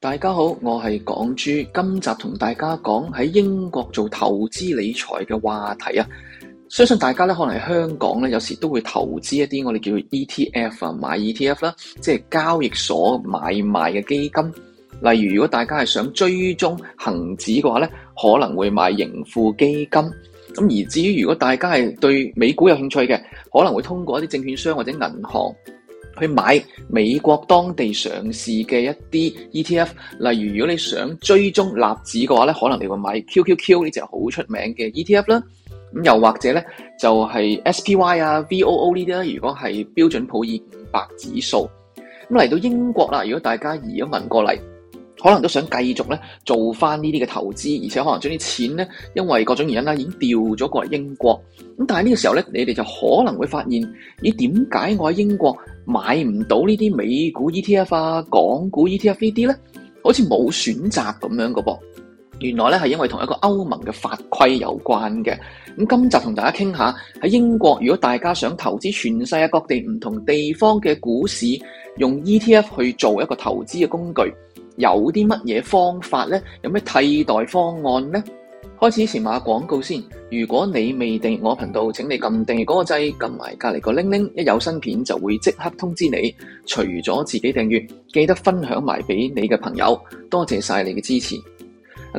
大家好，我係港豬，今集同大家講喺英國做投資理財嘅話題啊！相信大家咧可能喺香港咧有時都會投資一啲我哋叫做 ETF 啊，買 ETF 啦，即係交易所買賣嘅基金。例如，如果大家係想追蹤恒指嘅話咧，可能會買盈富基金。咁而至於如果大家係對美股有興趣嘅，可能會通過一啲證券商或者銀行。去買美國當地上市嘅一啲 ETF，例如如果你想追蹤納指嘅話咧，可能你會買 QQQ 呢隻好出名嘅 ETF 啦。咁又或者咧，就係 SPY 啊、VOO 呢啲啦。如果係標準普爾五百指數，咁嚟到英國啦，如果大家移咗民過嚟。可能都想繼續咧做翻呢啲嘅投資，而且可能將啲錢咧，因為各種原因啦，已經掉咗過嚟英國。咁但係呢個時候咧，你哋就可能會發現，咦？點解我喺英國買唔到呢啲美股 ETF 啊、港股 ETF 呢啲咧？好似冇選擇咁樣個噃。原來咧係因為同一個歐盟嘅法規有關嘅。咁今集同大家傾下喺英國，如果大家想投資全世界各地唔同地方嘅股市，用 ETF 去做一個投資嘅工具。有啲乜嘢方法呢？有咩替代方案呢？開始前買廣告先。如果你未訂閱我頻道，請你撳訂閱嗰個掣，撳埋隔離個鈴鈴，一有新片就會即刻通知你。除咗自己訂閱，記得分享埋俾你嘅朋友。多謝晒你嘅支持。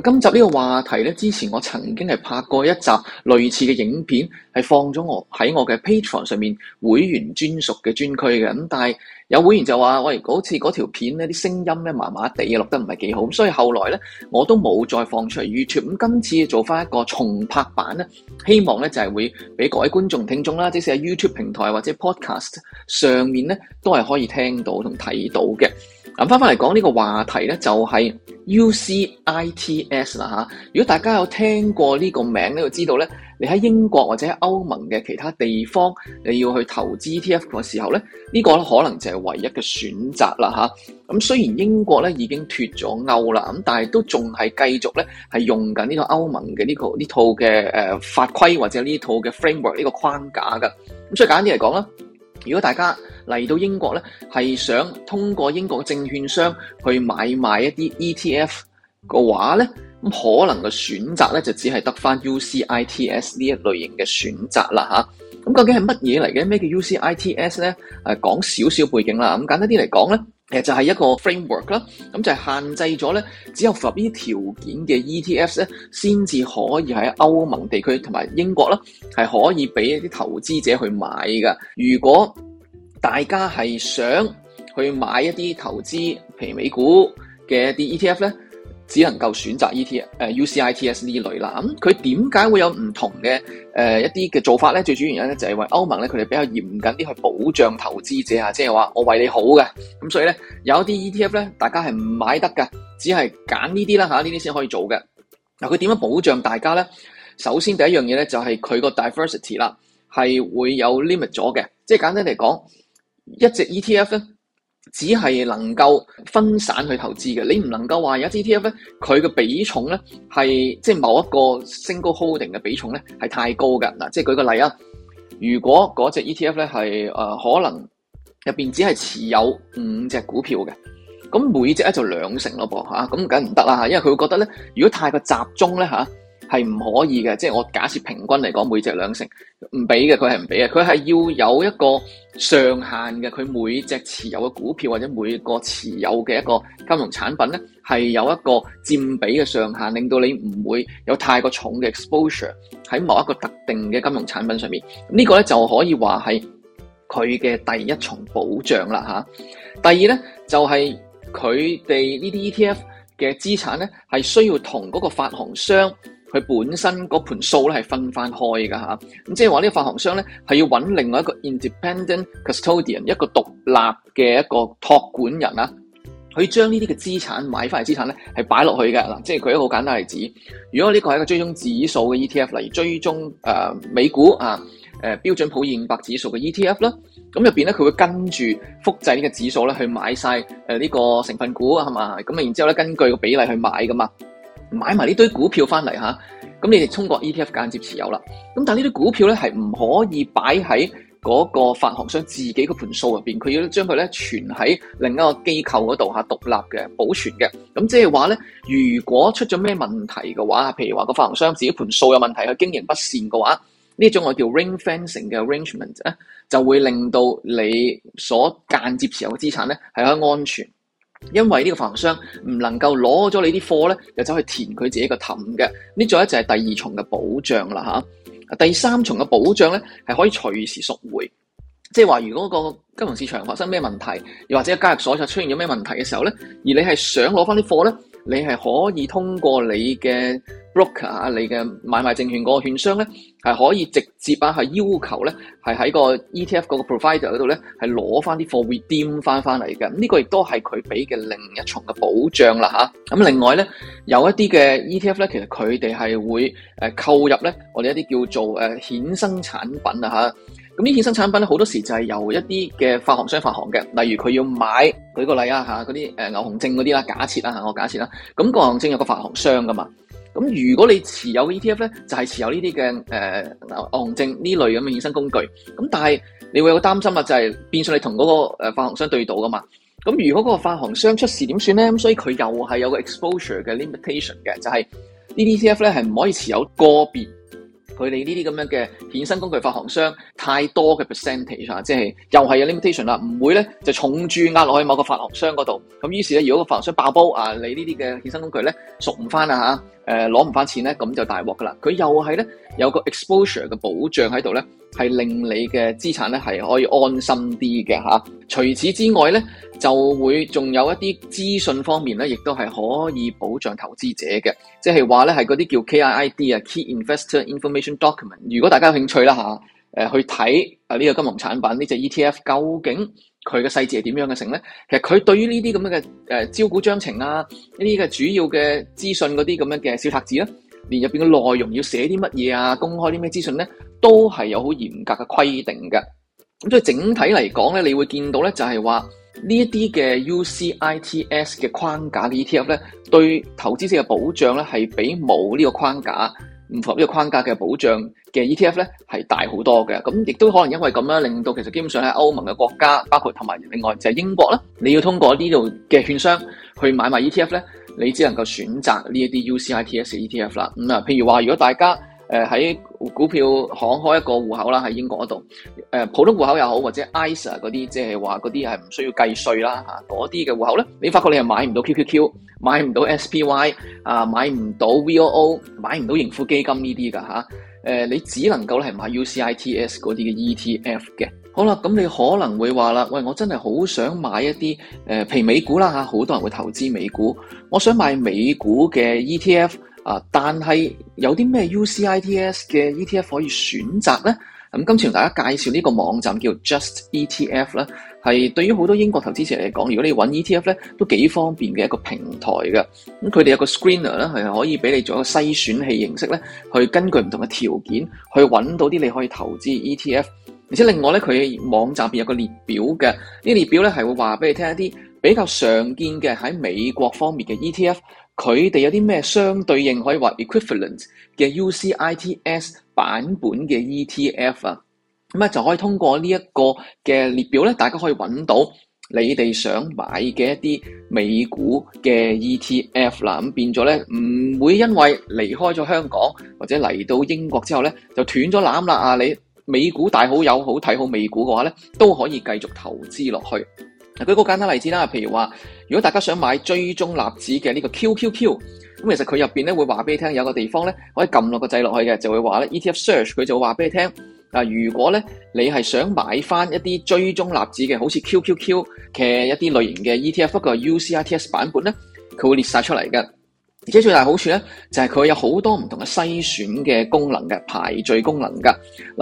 今集呢個話題呢，之前我曾經係拍過一集類似嘅影片，係放咗我喺我嘅 Patreon 上面會員專屬嘅專區嘅。咁但係有會員就話，喂，嗰次嗰條片呢啲聲音呢，麻麻地，錄得唔係幾好。所以後來呢，我都冇再放出嚟 YouTube。咁今次做翻一個重拍版呢，希望呢就係會俾各位觀眾、聽眾啦，即使喺 YouTube 平台或者 Podcast 上面呢，都係可以聽到同睇到嘅。咁翻翻嚟講呢個話題咧，就係 UCITS 啦吓。如果大家有聽過呢個名咧，就知道咧，你喺英國或者喺歐盟嘅其他地方，你要去投資 ETF 嘅時候咧，呢個咧可能就係唯一嘅選擇啦吓。咁雖然英國咧已經脱咗歐啦，咁但係都仲係繼續咧係用緊呢個歐盟嘅呢個呢套嘅誒法規或者呢套嘅 framework 呢個框架噶。咁所以簡單啲嚟講啦。如果大家嚟到英國咧，係想通過英國證券商去買賣一啲 ETF 嘅話咧，咁可能嘅選擇咧就只係得翻 UCITS 呢一類型嘅選擇啦嚇。咁究竟係乜嘢嚟嘅？咩叫 UCITS 咧？誒，講少少背景啦。咁簡單啲嚟講咧。誒就係一個 framework 啦，咁就係限制咗咧，只有符合呢啲條件嘅 ETF 咧，先至可以喺歐盟地區同埋英國啦，係可以俾一啲投資者去買㗎。如果大家係想去買一啲投資譬如美股嘅一啲 ETF 咧。只能夠選擇 ETF、呃、UCITS 呢類啦。咁佢點解會有唔同嘅誒、呃、一啲嘅做法咧？最主要原因咧就係話歐盟咧佢哋比較嚴謹啲去保障投資者啊，即係話我為你好嘅。咁、嗯、所以咧有一啲 ETF 咧，大家係唔買得㗎，只係揀呢啲啦嚇，呢啲先可以做嘅。嗱佢點樣保障大家咧？首先第一樣嘢咧就係、是、佢個 diversity 啦，係會有 limit 咗嘅。即係簡單嚟講，一隻 ETF 咧。只係能夠分散去投資嘅，你唔能夠話有一隻 ETF 咧，佢嘅比重咧係即係某一個 single holding 嘅比重咧係太高嘅嗱。即係舉個例啊，如果嗰隻 ETF 咧係、呃、可能入面只係持有五隻股票嘅，咁每隻咧就兩成咯噃嚇，咁梗唔得啦，因為佢會覺得咧，如果太過集中咧嚇係唔可以嘅，即係我假設平均嚟講每隻兩成唔俾嘅，佢係唔俾嘅，佢係要有一個上限嘅。佢每隻持有嘅股票或者每個持有嘅一個金融產品呢，係有一個佔比嘅上限，令到你唔會有太過重嘅 exposure 喺某一個特定嘅金融產品上面。呢個呢，就可以話係佢嘅第一重保障啦嚇。第二呢，就係佢哋呢啲 ETF 嘅資產呢，係需要同嗰個發行商。佢本身嗰盤數咧係分翻開㗎吓，咁即係話呢個發行商咧係要揾另外一個 independent custodian 一個獨立嘅一個託管人啊，去將呢啲嘅資產買翻嚟資產咧係擺落去嘅嗱，即係佢一個好簡單例子，如果呢個係一個追蹤指數嘅 ETF，例如追蹤誒、呃、美股啊誒、呃、標準普爾五百指數嘅 ETF 啦，咁入邊咧佢會跟住複製呢個指數咧去買晒誒呢個成分股啊，係嘛？咁啊然之後咧根據個比例去買㗎嘛。買埋呢堆股票翻嚟嚇，咁你哋通過 ETF 間接持有啦。咁但係呢堆股票咧係唔可以擺喺嗰個發行商自己個盤數入面，佢要將佢咧存喺另一個機構嗰度，嚇，獨立嘅保存嘅。咁即係話咧，如果出咗咩問題嘅話，譬如話個發行商自己盤數有問題，佢經營不善嘅話，呢種我叫 ring fencing 嘅 arrangement 咧，就會令到你所間接持有嘅資產咧係可以安全。因為呢個發行商唔能夠攞咗你啲貨咧，又走去填佢自己個氹嘅，呢再一就係第二重嘅保障啦吓、啊。第三重嘅保障咧，係可以隨時贖回，即係話如果個金融市場發生咩問題，又或者交易所出現咗咩問題嘅時候咧，而你係想攞翻啲貨咧。你係可以通過你嘅 broker 啊，你嘅買賣證券嗰個券商咧，係可以直接啊，係要求咧，係、這、喺個 ETF 嗰個 provider 嗰度咧，係攞翻啲貨 redeem 返返翻翻嚟嘅。呢個亦都係佢俾嘅另一重嘅保障啦嚇，咁、啊、另外咧，有一啲嘅 ETF 咧，其實佢哋係會誒購入咧，我哋一啲叫做誒衍生產品啊嚇咁啲衍生產品咧，好多時就係由一啲嘅發行商發行嘅，例如佢要買，舉個例啊嚇，嗰啲誒牛熊證嗰啲啦，假設啦嚇，我假設啦，咁、那個、牛熊證有個發行商噶嘛，咁如果你持有 ETF 咧，就係、是、持有呢啲嘅誒牛熊證呢類咁嘅衍生工具，咁但係你會有個擔心啊，就係、是、變相你同嗰個誒發行商對賭噶嘛，咁如果嗰個發行商出事點算咧？咁所以佢又係有個 exposure 嘅 limitation 嘅，就係、是、呢啲 ETF 咧係唔可以持有個別。佢哋呢啲咁樣嘅衍生工具發行商太多嘅 percentage 啊，即係又係有 limitation 啦，唔會咧就重注壓落去某個發行商嗰度。咁於是咧如果個發行商爆煲啊，你呢啲嘅衍生工具咧贖唔返啦吓誒攞唔翻錢咧，咁就大鑊㗎喇。佢又係咧有個 exposure 嘅保障喺度咧，係令你嘅資產咧係可以安心啲嘅吓，除此之外咧，就會仲有一啲資訊方面咧，亦都係可以保障投資者嘅，即係話咧係嗰啲叫 K I I D 啊，Key Investor Information Document。如果大家有興趣啦吓、啊呃，去睇啊呢、這個金融產品呢隻、這個、E T F 究竟。佢嘅細節係點樣嘅成咧？其實佢對於呢啲咁樣嘅誒、呃、招股章程啊，呢啲嘅主要嘅資訊嗰啲咁樣嘅小冊子咧，連入面嘅內容要寫啲乜嘢啊，公開啲咩資訊咧，都係有好嚴格嘅規定嘅。咁所以整體嚟講咧，你會見到咧，就係、是、話呢一啲嘅 UCITS 嘅框架嘅 ETF 咧，對投資者嘅保障咧，係比冇呢個框架。唔符合呢個框架嘅保障嘅 ETF 咧，係大好多嘅。咁亦都可能因為咁樣，令到其實基本上喺歐盟嘅國家，包括同埋另外就係英國啦，你要通過呢度嘅券商去買埋 ETF 咧，你只能夠選擇呢一啲 UCITS ETF 啦。咁、嗯、啊，譬如話，如果大家，誒喺、呃、股票行開一個戶口啦，喺英國嗰度，誒、呃、普通戶口又好，或者 ISA 嗰啲，即係話嗰啲係唔需要計稅啦嚇，嗰啲嘅戶口咧，你發覺你係買唔到 QQQ，買唔到 SPY，啊，買唔到 VOO，買唔到盈富基金呢啲㗎嚇，誒你只能夠係買 UCITS 嗰啲嘅 ETF 嘅。好啦，咁你可能會話啦，喂，我真係好想買一啲誒譬如美股啦嚇，好多人會投資美股，我想買美股嘅 ETF。啊！但係有啲咩 UCITS 嘅 ETF 可以選擇呢？咁、嗯、今次同大家介紹呢個網站叫 Just ETF 啦，係對於好多英國投資者嚟講，如果你揾 ETF 咧，都幾方便嘅一個平台嘅。咁佢哋有一個 screener 咧，係可以俾你做一個篩選器形式咧，去根據唔同嘅條件去揾到啲你可以投資 ETF。而且另外咧，佢網站入邊有一個列表嘅，呢、這個、列表咧係會話俾你聽一啲比較常見嘅喺美國方面嘅 ETF。佢哋有啲咩相對應可以話 equivalent 嘅 UCITS 版本嘅 ETF 啊，咁咧就可以通過呢一個嘅列表咧，大家可以揾到你哋想買嘅一啲美股嘅 ETF 啦，咁變咗咧唔會因為離開咗香港或者嚟到英國之後咧就斷咗攬啦啊！你美股大好友好睇好美股嘅話咧，都可以繼續投資落去。舉個簡單例子啦，譬如話，如果大家想買追蹤納指嘅呢個 QQQ，咁其實佢入面咧會話俾你聽，有個地方咧可以撳落個掣落去嘅，就會話咧 ETF Search 佢就會話俾你聽，啊，如果咧你係想買翻一啲追蹤納指嘅，好似 QQQ 嘅一啲類型嘅 ETF，不過 UCITS 版本咧，佢會列晒出嚟嘅。而且最大好處咧，就係、是、佢有好多唔同嘅篩選嘅功能嘅排序功能㗎，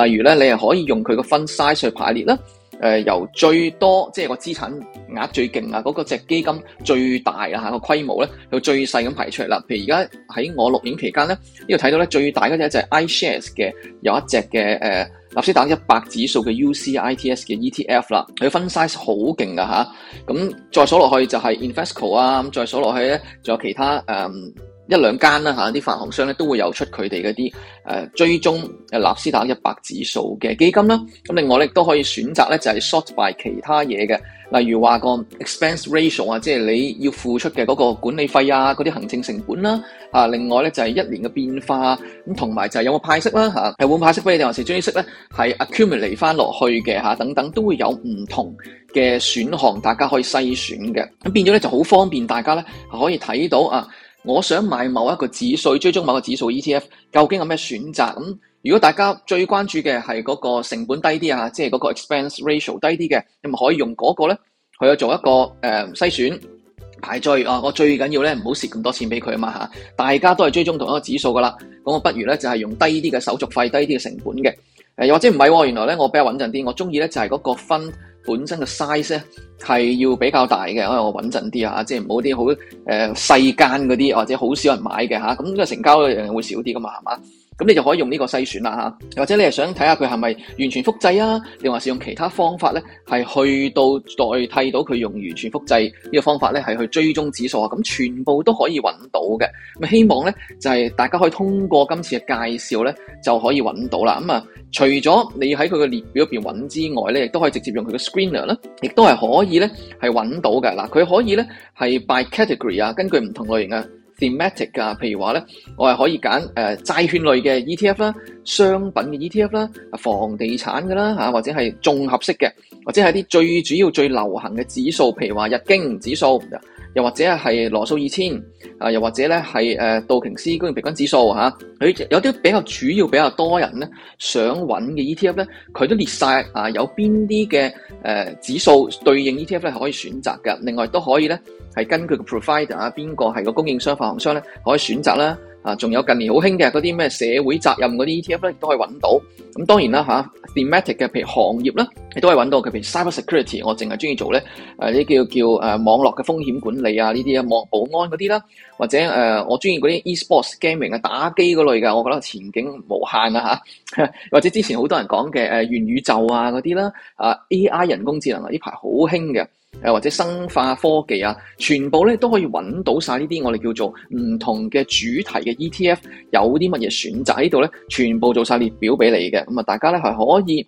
例如咧你係可以用佢個分 size 去排列啦。誒、呃、由最多即係個資產額最勁啊，嗰、那個隻基金最大啊嚇，個規模咧，到最細咁排出嚟啦。譬如而家喺我錄影期間咧，呢度睇到咧最大嗰隻就係 iShares 嘅有一隻嘅呃，納斯達克一百指數嘅 UCITS 嘅 ETF 啦，佢分 size 好勁嘅吓，咁再數落去就係 Invesco 啊，咁再數落去咧仲有其他誒。嗯一兩間啦嚇，啲、啊、發行商咧都會有出佢哋嗰啲誒追蹤納斯達克一百指數嘅基金啦。咁另外咧都可以選擇咧就係、是、sort by 其他嘢嘅，例如話個 expense ratio 啊，即、就、係、是、你要付出嘅嗰個管理費啊、嗰啲行政成本啦、啊。啊，另外咧就係、是、一年嘅變化咁，同、啊、埋就係有冇派息啦嚇，係、啊、冇派息你，你定話是將啲息咧係 accumulate 翻落去嘅嚇、啊，等等都會有唔同嘅選項，大家可以篩選嘅。咁、啊、變咗咧就好方便大家咧可以睇到啊。我想買某一個指數，追蹤某個指數 ETF，究竟有咩選擇？咁如果大家最關注嘅係嗰個成本低啲啊，即係嗰個 expense ratio 低啲嘅，你咪可以用嗰個咧去去做一個誒篩、呃、選排序啊！我最緊要咧唔好蝕咁多錢俾佢啊嘛吓！大家都係追蹤同一個指數噶啦，咁我不如咧就係、是、用低啲嘅手續費、低啲嘅成本嘅誒，又、呃、或者唔係、哦，原來咧我比較穩陣啲，我中意咧就係、是、嗰個分。本身嘅 size 咧係要比較大嘅，可能我穩陣啲啊，即係唔好啲好誒，細間嗰啲，或者好少人買嘅吓。咁、啊、呢、個成交會少啲噶嘛，係嘛？咁你就可以用呢個篩選啦吓，或者你係想睇下佢係咪完全複製啊？定還是用其他方法咧，係去到代替到佢用完全複製呢個方法咧，係去追蹤指數啊？咁全部都可以揾到嘅。咁希望咧就係、是、大家可以通過今次嘅介紹咧就可以揾到啦。咁、嗯、啊，除咗你喺佢嘅列表入面揾之外咧，亦都可以直接用佢嘅 Screener 咧，亦都係可以咧係揾到嘅。嗱，佢可以咧係 by category 啊，根據唔同類型啊。thematic 啊，譬如話咧，我係可以揀誒債券類嘅 ETF 啦，商品嘅 ETF 啦，啊房地產嘅啦嚇，或者係綜合式嘅，或者係啲最主要最流行嘅指數，譬如話日經指數，又或者係羅素二千，啊又或者咧係誒道瓊斯工業平均指數嚇，佢、啊、有啲比較主要比較多人咧想揾嘅 ETF 咧，佢都列晒，啊有邊啲嘅誒指數對應 ETF 咧係可以選擇嘅，另外都可以咧。係根據 provider 啊，邊個係個供應商、發行商咧，可以選擇啦。啊，仲有近年好興嘅嗰啲咩社會責任嗰啲 ETF 咧，亦都可以揾到。咁當然啦，吓、啊、thematic 嘅，譬如行業啦，亦都係揾到。譬如 cybersecurity，我淨係中意做咧誒、啊、叫叫、啊、網絡嘅風險管理啊，呢啲啊網保安嗰啲啦，或者誒、啊、我中意嗰啲 e-sports gaming 啊，打機嗰類嘅，我覺得前景無限啊吓。或者之前好多人講嘅誒元宇宙啊嗰啲啦，啊 AI 人工智能啊，呢排好興嘅。誒，或者生化科技啊，全部咧都可以揾到晒，呢啲我哋叫做唔同嘅主題嘅 ETF，有啲乜嘢選擇喺度咧，全部做晒列表俾你嘅。咁啊，大家咧係可以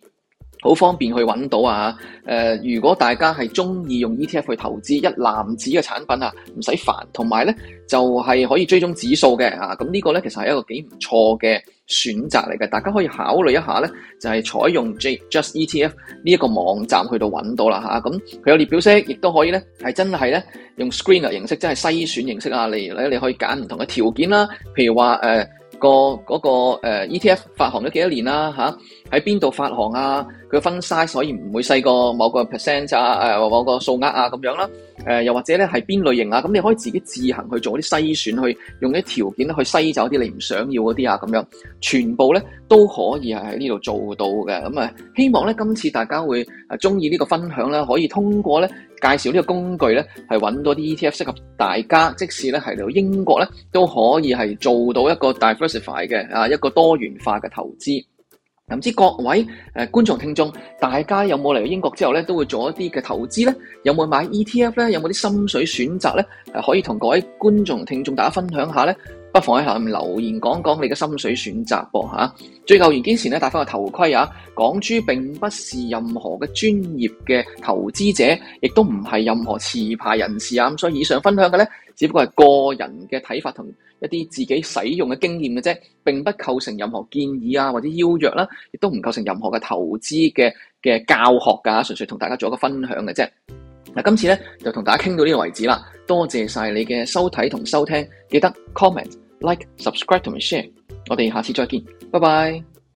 好方便去揾到啊。誒、呃，如果大家係中意用 ETF 去投資一籃子嘅產品啊，唔使煩，同埋咧就係、是、可以追蹤指數嘅啊。咁呢個咧其實係一個幾唔錯嘅。選擇嚟嘅，大家可以考慮一下咧，就係、是、採用 J Just ETF 呢一個網站去到揾到啦嚇，咁佢有列表式，亦都可以咧係真係咧用 screener 形式，即係篩選形式啊，例如咧你可以揀唔同嘅條件啦，譬如話誒個個個誒 ETF 發行咗幾多年啦吓？喺邊度發行啊？佢分 size，所以唔會細過某個 percent 啊誒或某個數額啊咁樣啦。誒又或者咧係邊類型啊？咁你可以自己自行去做啲篩選，去用啲條件去篩走啲你唔想要嗰啲啊咁樣，全部咧都可以喺呢度做到嘅。咁啊，希望咧今次大家會誒中意呢個分享啦，可以通過咧。介紹呢個工具咧，係揾到啲 ETF 適合大家，即使咧係嚟到英國咧，都可以係做到一個 diversify 嘅啊，一個多元化嘅投資。唔知各位誒觀眾聽眾，大家有冇嚟到英國之後咧，都會做一啲嘅投資咧？有冇買 ETF 咧？有冇啲心水選擇咧？啊，可以同各位觀眾聽眾大家分享下咧？不妨喺下面留言講講你嘅心水選擇噃吓。最後完結之前咧戴翻個頭盔啊！港豬並不是任何嘅專業嘅投資者，亦都唔係任何持牌人士啊。咁所以以上分享嘅呢，只不過係個人嘅睇法同一啲自己使用嘅經驗嘅啫，並不構成任何建議啊或者邀約啦、啊，亦都唔構成任何嘅投資嘅嘅教學噶、啊，純粹同大家做一個分享嘅啫。今次呢，就同大家傾到呢個位置啦，多謝晒你嘅收睇同收聽，記得 comment、like、like、subscribe 同 share，我哋下次再見，拜拜。